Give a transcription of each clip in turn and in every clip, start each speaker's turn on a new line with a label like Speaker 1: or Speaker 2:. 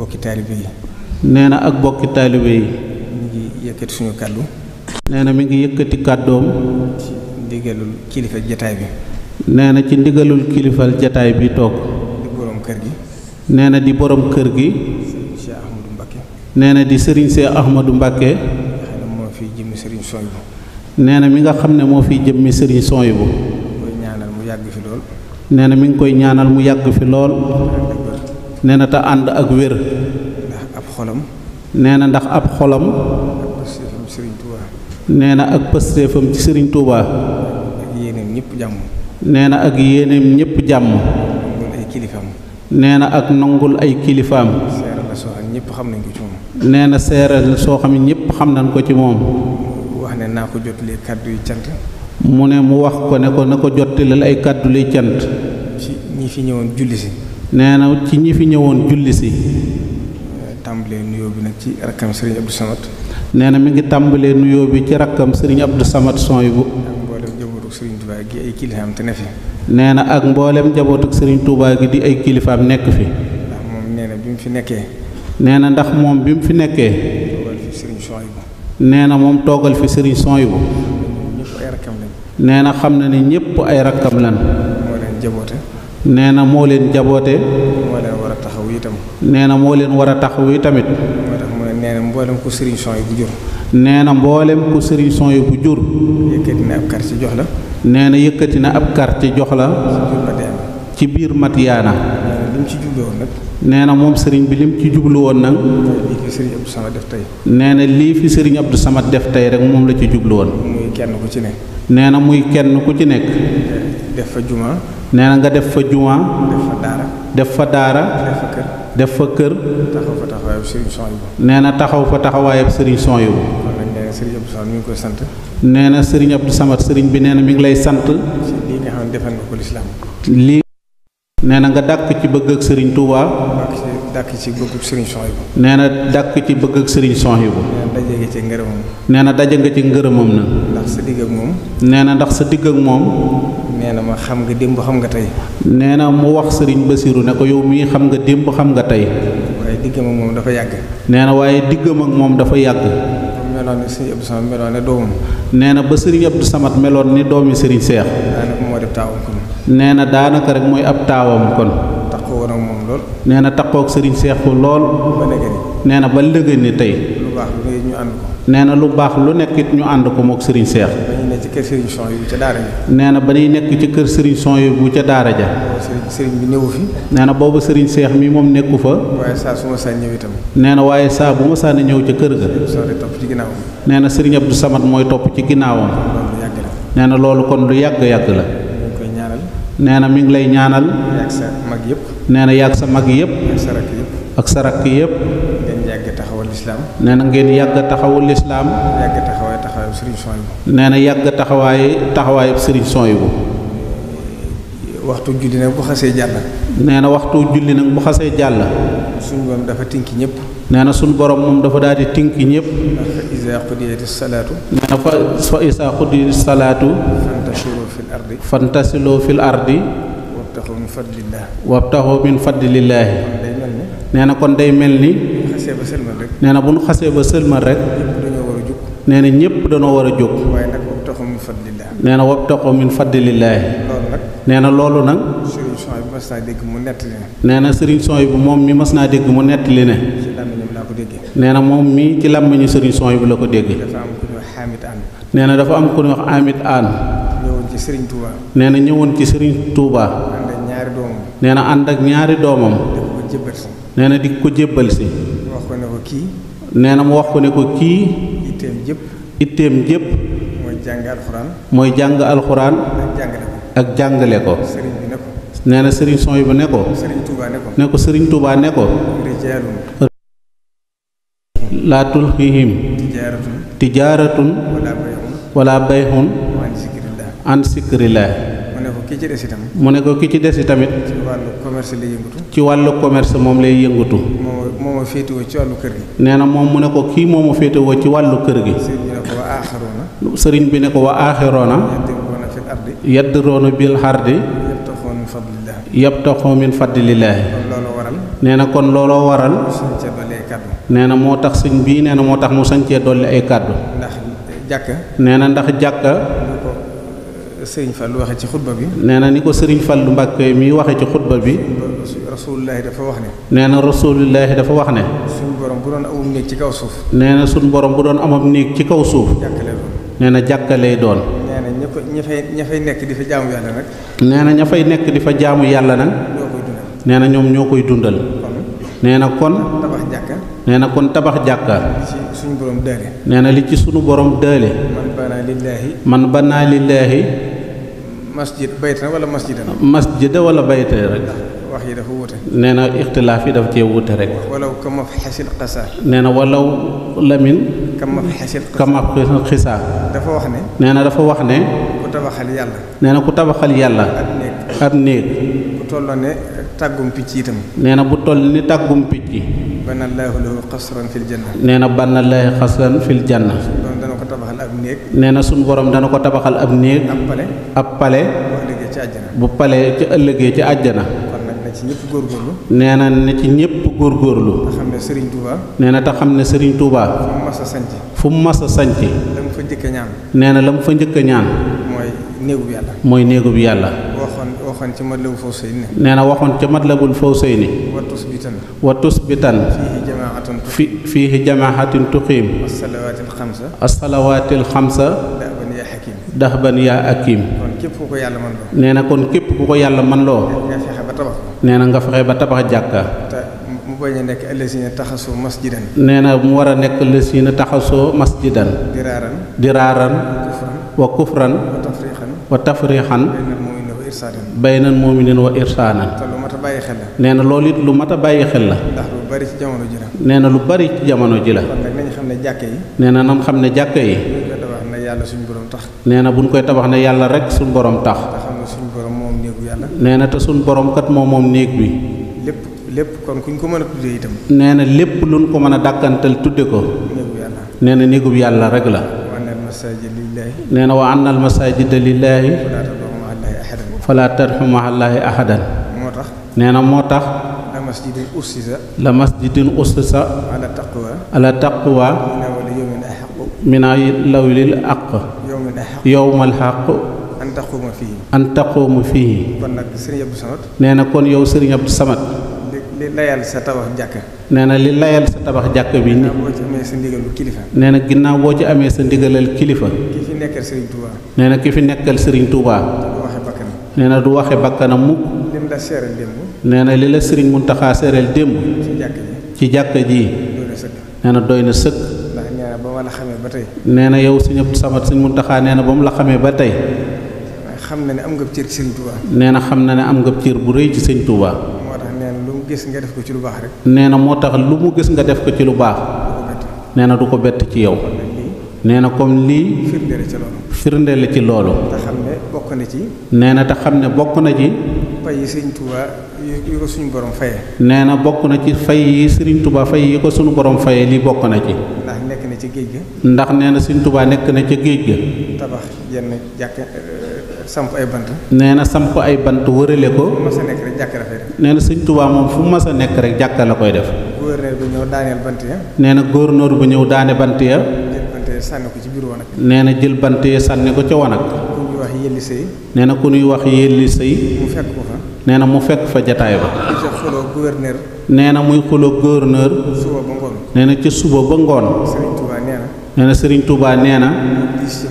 Speaker 1: bokki taalibe yi. nee na ak bokki taalibe yi. mi ngi yëkkati suñu kàddu. nee na mi ngi yëkkati kàddoom. ci ndigalul kilifa jataay bi. nee na ci ndigalul kilifal jataay bi toog. di gi. nee na di boroom kër gi. nee na di sëriñ see Ahmadou Mbacke. nee na mi nga xam ne moo fi jëmmi sëriñ Sooyibu. nee na mi ngi koy ñaanal mu yàgg fi lool. nee na ta ànd ak wér. ab xolam. nee na ndax ab xolam.
Speaker 2: nee na ak pëstéefam ci Serigne Touba.
Speaker 1: ak
Speaker 2: yéeneem ñëpp jàmm.
Speaker 1: nee na ak yéeneem ñëpp jàmm. nangul ay kilifaam. nee na ak nangul ay kilifaam.
Speaker 2: seeral la soo xam ne xam nañ ko ci moom.
Speaker 1: nee na seeral soo xam ne ñëpp xam nañ ko ci moom.
Speaker 2: wax naa ko jotalee kàddu yu cant.
Speaker 1: mu ne mu wax ko ne ko na ko jottaleel ay kàddu lay cant.
Speaker 2: ci ñi fi ñëwoon julli si.
Speaker 1: nee na ci ñi fi ñëwoon julli si. tàmbalee bi nag ci rakkam Serigne Abdou nee na mi ngi tàmbalee nuyoo bi ci rakkam Serigne Abdou Samad son bu. nee na ak mbooleem jabootuk sëriñ Touba gi di ay kilifaam nekk fi. ndax bi mu fi nekkee. nee na ndax moom bi mu fi nekkee. nee na moom toogal fi Serigne son bu. nee na xam na ne ñépp ay rakkam lan. nee na moo jaboote. moo leen itam. nee na moo leen war a taxawu itamit. moo tax mu ne nee na mboolem bu jur. nee jur. yëkkati jox la. nee na yëkkati na ab kar jox la. ci biir Madiyaana. na ci nee na moom sëriñ bi lim ci jublu woon nag. lii fi sëriñ Abdou Samad def tey. nee na lii fi sëriñ Abdou Samad def tey rek moom la ci jublu woon. muy kenn ku ci nekk. muy kenn ku ci nekk. def nee na nga def fa jumaa def fa daara def fa kër
Speaker 2: taxaw fa taxawaayu
Speaker 1: nee na taxaw fa taxawaayam sëriñ son yu sëriñ Abdou Samad mi sant nee na sëriñ Abdou Samad sëriñ bi nee na mi ngi lay sant lii nga xam ne defal nga ko lislaam lii nee na nga dàkk ci bëgg ak sëriñ Touba dàkk ci bëgg ak yu nee na dàkk ci bëgg ak sëriñ son yu
Speaker 2: daje nga
Speaker 1: nee na daje nga ci ngërëmam na
Speaker 2: ndax moom
Speaker 1: nee ndax sa digg ak moom nee xam nga démb xam nga tey. nee na mu wax sëriñ Basiru ne ko yow mii xam nga démb xam nga tey. waaye dafa yàgg. nee na waaye diggam moom dafa yàgg. meloon ni sëriñ Abdou nee na ba sëriñ Abdou Samad meloon ni doomi sëriñ Seex. daanaka moo def taawam na daanaka rek mooy ab taawam kon.
Speaker 2: taxoo woon ak lool.
Speaker 1: nee na taxoo sëriñ Seex ko lool. ba nee na ba léegi ni tey. lu lu na lu baax lu nekk it ñu ànd ko mook sëriñ Seex.
Speaker 2: kër Serigne yi bu daara
Speaker 1: ja. nee na ba ñuy nekk ca kër Serigne Son yi bu ca daara ja. Serigne bi néewu fi. nee na boobu Serigne Seex mi moom nekku fa. waaye saa itam. nee na waaye saa bu ma saa ñëw ca kër ga. topp ci ginnaawam. nee na Serigne Abdou Samad mooy topp ci ginnaawam. nee na loolu kon lu yàgg yàgg la. nee na mi ngi lay ñaanal. nee yàgg sa mag yëpp. nee na yàgg sa mag yëpp. ak sa rakk yëpp. l'islam nee ngeen yag taxawul l'islam yag taxaway
Speaker 2: taxaway serigne soyou
Speaker 1: yi yag taxaway taxaway serigne soyou waxtu julli nak bu xasse jall nee waxtu julli nak bu xasse jall sun borom dafa tinki ñep nee sun borom mom dafa daal tinki ñep iza isa qudiyati salaatu nee fa so isa qudiyati salatu fantashiru fil ardi fantasilu fil ardi
Speaker 2: wabtaxoo min fadlillah wabtaxoo min fadlillah nee kon day melni xasee ba rek. nee na
Speaker 1: bu nu xasee ba sëlmal rek. nee na ñëpp danoo war a jóg.
Speaker 2: waaye nag wabtaxu min fadlillaahi.
Speaker 1: nee na wabtaxu min fadlillaahi. nee na loolu nag.
Speaker 2: Serigne Son bi mu nettali
Speaker 1: nee na Serigne Son bi moom mi mas naa dégg mu nettali ne. nee na moom mii ci làmmiñu Serigne Son bi la ko déggee. nee na dafa am ku ñuy wax Amit Aan.
Speaker 2: ñëwoon ci Serigne Touba.
Speaker 1: nee na ñëwoon ci Serigne Touba.
Speaker 2: nee na ànd ak ñaari doomam. nee di ko jébbal si. ko ne ko kii nee mu wax ko ne ko ki item jep item jep moy jang alxuraan
Speaker 1: mooy jàng alxuraan
Speaker 2: ak jàngale ko sëriñ bi ne ko
Speaker 1: nee na sëriñ bu ne ko sëriñ touba ne ko ne ko sëriñ touba ne ko tul fihim tijaratun wala bayhun an sikrillah mu ne ko ki ci des itamit ci
Speaker 2: wàllu commerce lay yëngatu
Speaker 1: ci walu commerce mom lay yëngatu
Speaker 2: moo ma féetewoo ci wàllu kër gi.
Speaker 1: nee na moom mu ne ko kii moomu ma féetewoo ci wàllu kër gi. sëriñ bi ne ko wa aaxiroona. sëriñ bi ne ko wa aaxiroona. yaddiroona bil xardi. yabtaxoo min fadlillaahi. nee na kon looloo waral. nee na moo tax sëñ bii nee na moo tax mu sañcee dolli ay kàddu. nee na ndax jàkka.
Speaker 2: Serigne Fall waxee ci xutba bi.
Speaker 1: nee na ni ko Serigne Fall Mbàkke mi waxee ci xutba bi.
Speaker 2: rasulillahi dafa wax ne. nee
Speaker 1: na rasulillahi dafa wax ne.
Speaker 2: suñu borom bu doon amam néeg ci kaw suuf.
Speaker 1: nee na suñu borom bu doon amam néeg ci kaw suuf. na jàkka doon.
Speaker 2: nee na ña nekk di fa jaamu
Speaker 1: nee na ña nekk di fa jaamu yàlla nag. na ñoom ñoo koy dundal. nee na kon. tabax jàkka. nee na kon tabax jàkka.
Speaker 2: suñu borom dële.
Speaker 1: nee na li ci suñu borom dële.
Speaker 2: man banaa
Speaker 1: man banaa lillaahi.
Speaker 2: مسجد بيتنا ولا مسجد
Speaker 1: مسجد ولا بيت رك
Speaker 2: واحد هوته نينا اختلاف داف تي ووته رك ولو كما في حس القسا
Speaker 1: نينا ولو لمن كما في حس القسا كما في القسا دافا واخني نينا دافا واخني
Speaker 2: كو تبخال يالا
Speaker 1: نينا كو تبخال يالا
Speaker 2: اب نيك كو تولوني تاغوم بيتي تام
Speaker 1: نينا بو تولني تاغوم بيتي
Speaker 2: بن الله له قصرا في الجنه
Speaker 1: نينا بن الله قصرا في الجنه ab néeg nee na suñu borom dana ko tabaxal ab néeg. ab pale
Speaker 2: ab
Speaker 1: bu pale ca ëllëgee ca àjjana.
Speaker 2: ci ñëpp góorgóorlu.
Speaker 1: nee na ne ci ñëpp góor te xam ne Serigne nee na te ne Serigne Touba. fu mu mas fu mu mas a sànci. la mu fa nee na la mu fa njëkk a ñaan. mooy néegu yàlla.
Speaker 2: waxoon ci matlabul fawsayni. nee na waxoon ca matlabul fawsayni. wa tusbitan.
Speaker 1: wa tusbitan. fiihi jamaatun fi fiihi jamaatin tuqiim.
Speaker 2: asalawaatil xamsa.
Speaker 1: asalawaatil xamsa. dahban yaa hakiim. dahban yaa hakiim. kon
Speaker 2: képp ku yàlla nee na kon képp ku ko yàlla mën loo. nga
Speaker 1: nee na nga fexe ba tabax jàkka.
Speaker 2: mu bañ a nekk allazina taxasoo masjidan. nee na mu war a nekk allazina
Speaker 1: taxasoo masjidan. diraaran. diraaran. wa kufran. wa tafriqan. baynan mu'minin wa irsaanan nee na lool it lu mat a bàyyi xel la nee na lu bari ci jamono ji la nee na nam xam ne jàkka yi
Speaker 2: nee na bu ñu koy tabax ne yàlla rek suñ borom tax nee na te suñ borom kat moom moom néeg bi lépp kon kuñ ko mën a tuddee itam nee
Speaker 1: na lépp luñ ko mën a dàkkantal tudde ko nee na néegub yàlla rek la
Speaker 2: nee na wa annal masaajida lillaahi fala tadxu ahadan moo tax nee na moo tax la masjidin ussisa la masjidin ussisa ala taqwa ala taqwa mina lawlil aq yowmal xaq an fii an taquuma fii kon nag sëriñ
Speaker 1: nee na kon yow sëriñ Abdou Samad
Speaker 2: li sa tabax jàkk
Speaker 1: nee na li layal sa tabax jàkk bi
Speaker 2: nee na ginnaaw boo ci amee sa ndigalal kilifa ki fi nekkal ki fi nekkal sëriñ Touba
Speaker 1: nee na du waxe bakkanam mukk
Speaker 2: lim la nee
Speaker 1: na li la sëriñ Muntaxa seeral démb ci jàkk ji nee na doy na sëkk nee na yow sëñ Abdou Samad sëñ Muntaxa nee na ba mu la xamee ba tey
Speaker 2: xam na ne am nga cër ci nee
Speaker 1: na xam na ne am nga cër bu rëy ci seen Touba
Speaker 2: moo nga def ko ci lu baax
Speaker 1: nee na moo tax lu mu gis nga def ko ci lu baax nee na du ko bett ci yow nee na comme lii firnde la ci loolu.
Speaker 2: te ci.
Speaker 1: nee na te xam ne bokk na ci.
Speaker 2: fay yi sëriñ Touba yi ko suñu
Speaker 1: nee na bokk na ci fay yi sëriñ Touba fay yi ko suñu borom fayee lii bokk na ci. ndax
Speaker 2: nekk na ci géej ga.
Speaker 1: ndax nee na sëriñ Touba nekk na ci géej ga.
Speaker 2: tabax yenn euh, ay bant.
Speaker 1: nee na samp ay bant wërale ko. fu nee na sëriñ tubaa moom fu mas a nekk rek jàkka la koy def.
Speaker 2: gouverneur bu ñëw daaneel bant ya.
Speaker 1: nee na gouverneur bu ñëw daane bant ya.
Speaker 2: yee sànni ko ci biir wanag.
Speaker 1: nee na jël bant yee sànni ko ca wanag.
Speaker 2: ku ñuy
Speaker 1: nee na ku ñuy wax yelli sëy. mu fekk ko fa. nee na mu fekk fa jataay ba.
Speaker 2: di
Speaker 1: nee na muy xuloo gouverneur. suba ba nee na ca suba ba ngoon. Serigne Touba nee na. nee na nee
Speaker 2: na. diis ci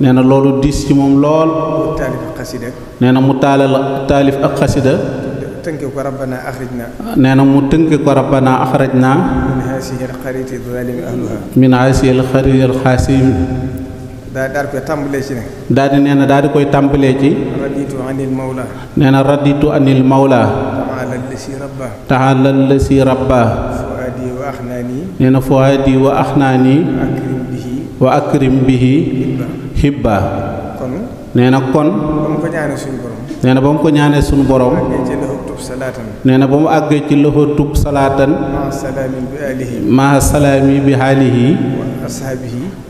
Speaker 2: nee
Speaker 1: na loolu diis ci
Speaker 2: moom lool. mu taalif ak
Speaker 1: nee na mu taalal taalif ak xasida. tënke mu tënke ko rabbana axraj naa.
Speaker 2: aasihi alxariti zalimi ahluha
Speaker 1: min aasihi alxariti alxaasim daal daal di ne nee na daal di koy tàmbalee ci raditu nee na raditu anil mawla
Speaker 2: taala lasi rabba taala lasi rabba fuadi nee na fuadi wa axnaani akrim
Speaker 1: bihi wa nee na kon nee na ba mu ko ñaanee suñu borom nee na ba mu àggee ci loxo tub salaatan maa salaami bi haalihi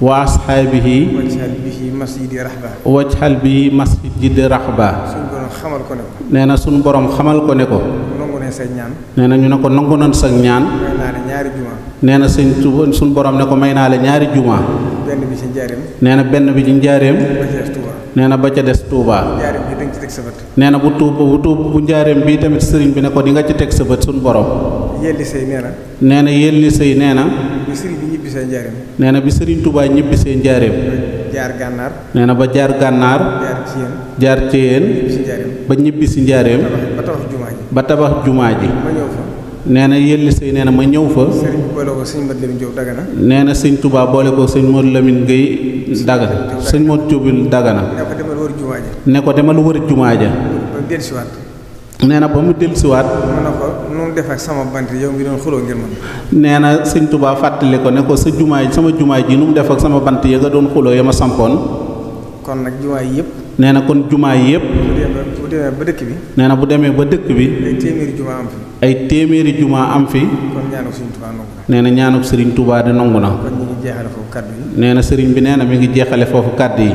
Speaker 1: wa ashaabihi wajxal bihi masjidi raxba nee na sunu borom xamal ko ne ko nee na ñu ne ko nangu nañ sag ñaan nee na sëñ sunu borom ne ko may naa la ñaari juma nee na benn bi ci njaareem nee na ba ca des tuuba teg nee na bu tuub bu tuub bu njaareem bii tamit sëriñ bi ne ko di nga ci teg sa bët suñu borom.
Speaker 2: yelli sëy nee na.
Speaker 1: nee na nee na.
Speaker 2: bi sëriñ bi ñibbi seen njaareem.
Speaker 1: nee na bi sëriñ Touba ñibbi seen njaareem.
Speaker 2: jaar gànnaar. nee na ba jaar gànnaar. jaar ci yéen. ba ñibbi si njaareem. ba tabax jumaa ji. ba tabax
Speaker 1: nee na yëlli sëy nee na ma ñëw fa.
Speaker 2: sëriñ boole ko sëñ Modou Lamine
Speaker 1: nee na sëñ Touba boole ko sëñ Modou Lamine Guèye Dagana. sëñ Modou Diop Dagana. wër jumaa ja ne ko demal wër jumaa ja ba dellusiwaat nee na ba mu dellusiwaat mu ne nu mu def ak sama bant yow mi doon xuloo ngir man na sëñ Tuubaa fàttali ko ne ko sa jumaa sama jumaa ji nu def ak sama bant ya nga doon xuloo ma sampoon
Speaker 2: kon nag jumaa yëpp
Speaker 1: nee na kon jumaa yi yëpp
Speaker 2: ba dëkk bi nee na bu demee ba dëkk bi ay téeméeri
Speaker 1: ay téeméeri jumaa am fi kon ñaanuk sëriñ Tuubaa nangu bi nee na ngi jeexale foofu kàddu yi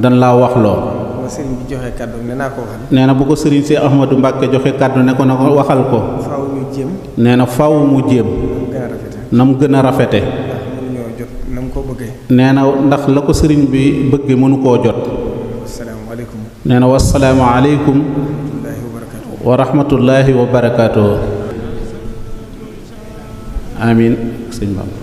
Speaker 1: dan laa wax loo
Speaker 2: joxe kàddu ne naa ko
Speaker 1: nee na bu ko sëriñ si Ahmadou Mbacke joxe kàddu ne ko na ko waxal ko. faaw mu nee na faaw mu jéem. na mu gën a rafete
Speaker 2: na mu ko bëggee. nee na ndax la ko sëriñ bi bëggee mënu koo jot. asalaamaaleykum. nee na wasalaamaaleykum. wa rahmatullahi wa barakaatu.
Speaker 1: amiin sëñ Bamba.